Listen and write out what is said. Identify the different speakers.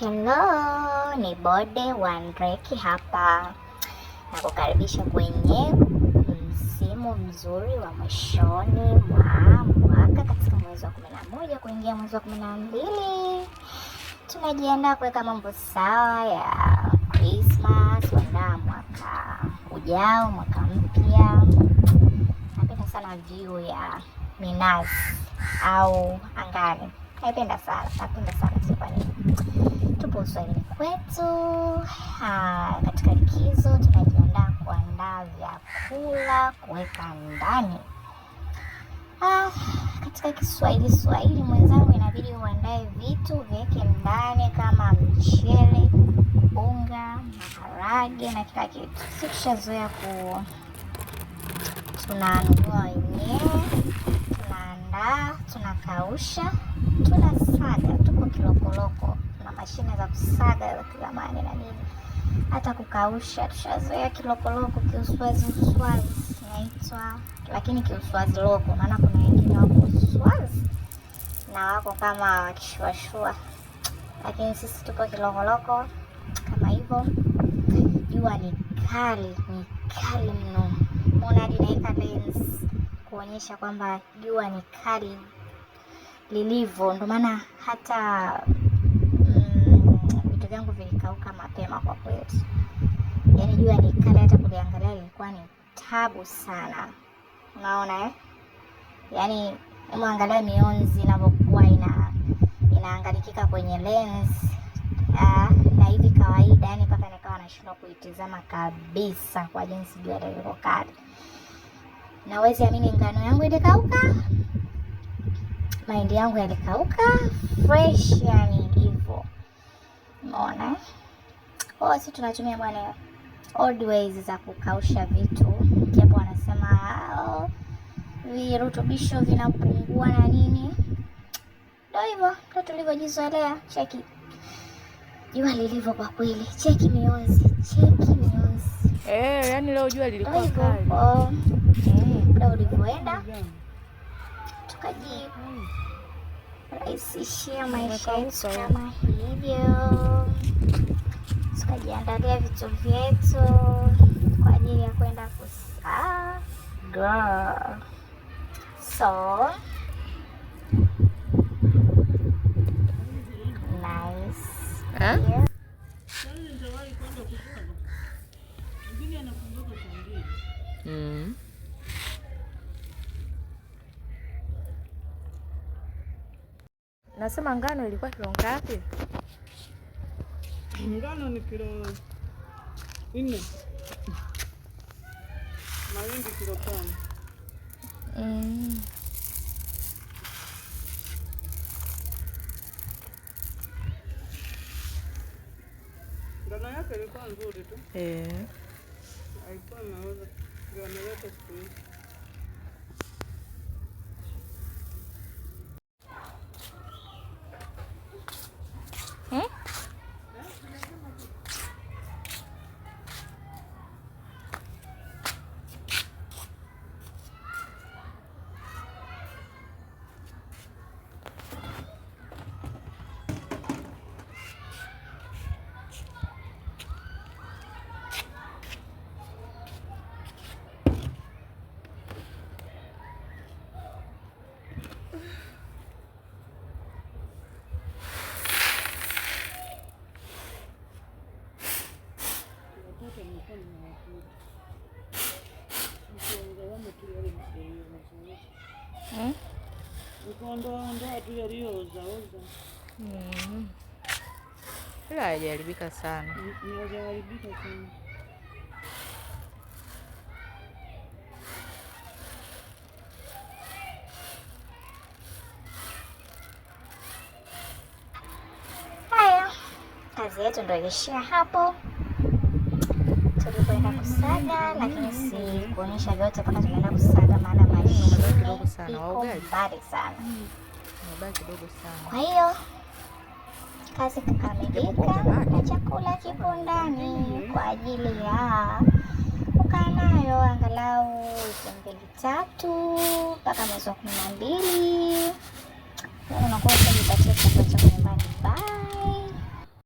Speaker 1: Hello, ni Bode Wanreki hapa na kukaribisha kwenye msimu mzuri wa mwishoni mwa mwaka katika mwezi wa kumi na moja kuingia mwezi wa kumi na mbili. Tunajiandaa kuweka mambo sawa ya Christmas, kuandaa mwaka ujao, mwaka mpya. Napenda sana view ya minazi au angani, naipenda sana, napenda sana sifani tupo uswahilini kwetu. katika likizo tunajiandaa kuandaa vyakula kuweka ndani. katika Kiswahili Swahili mwenzangu, inabidi uandae vitu viweke ndani kama mchele, unga, maharage na kila kitu. Si tushazoea ku tunanunua wenyewe, tunaandaa, tunakausha, tunasaga, tuko kilokoloko mashine za kusaga kilamani na nini, hata kukausha tushazoea kilokoloko, kiuswazi uswazi inaitwa, lakini kiuswazi loko, maana kuna wengine wako uswazi na wako kama wakishuashua, lakini sisi tuko kilokoloko kama hivyo. Jua ni kali, ni kali mno. mona hadi lens kuonyesha kwamba jua ni kali lilivyo, ndo maana hata vyangu vilikauka mapema kwa kweli, yaani jua ni nikali, hata kuliangalia lilikuwa ni tabu sana. Unaona eh? Yaani mwangalia mionzi inavyokuwa ina inaangalikika kwenye lens uh, na hivi kawaida, yani mpaka nikawa nashindwa kuitizama kabisa kwa jinsi jua lilivyo kali. Nawezi amini ngano yangu ilikauka, mahindi yangu yalikauka fresh, yani hivyo. Umeona? Kwa hiyo sisi tunatumia bwana old ways za kukausha vitu, japo wanasema oh, virutubisho vinapungua na nini. Ndio hivyo ndio tulivyojizoelea. Cheki jua lilivyo kwa kweli, cheki mionzi, cheki mionzi
Speaker 2: eh, yani leo jua lilikuwa
Speaker 1: kali ndio ulivyoenda tukaji maisha yetu kama hivi tukajiandalia vitu vyetu kwa ajili ya kwenda kusaa So eh? nice.
Speaker 2: Huh? Yeah. Mm. Nasema ngano ilikuwa kilo ngapi? ngano ni kilo nne, mahindi kilo tano.
Speaker 1: Mm.
Speaker 2: Ngano yake ilikuwa nzuri tu, eh. haikuwa naweza ndio ameleta siku
Speaker 1: Ila hajaharibika sana,
Speaker 2: hajaharibika
Speaker 1: Kazi yetu ndio ishia hapo tulipeleka kusaga, lakini si kuonyesha vyote mpaka tumeenda kusaga, maana mashine iko mbali sana. Kwa hiyo kazi kukamilika na chakula kipo ndani mm-hmm. kwa ajili ya kukaa nayo angalau wiki mbili tatu mpaka mwezi wa kumi na mbili unakuwa unajipatia chakula chako nyumbani. Bye.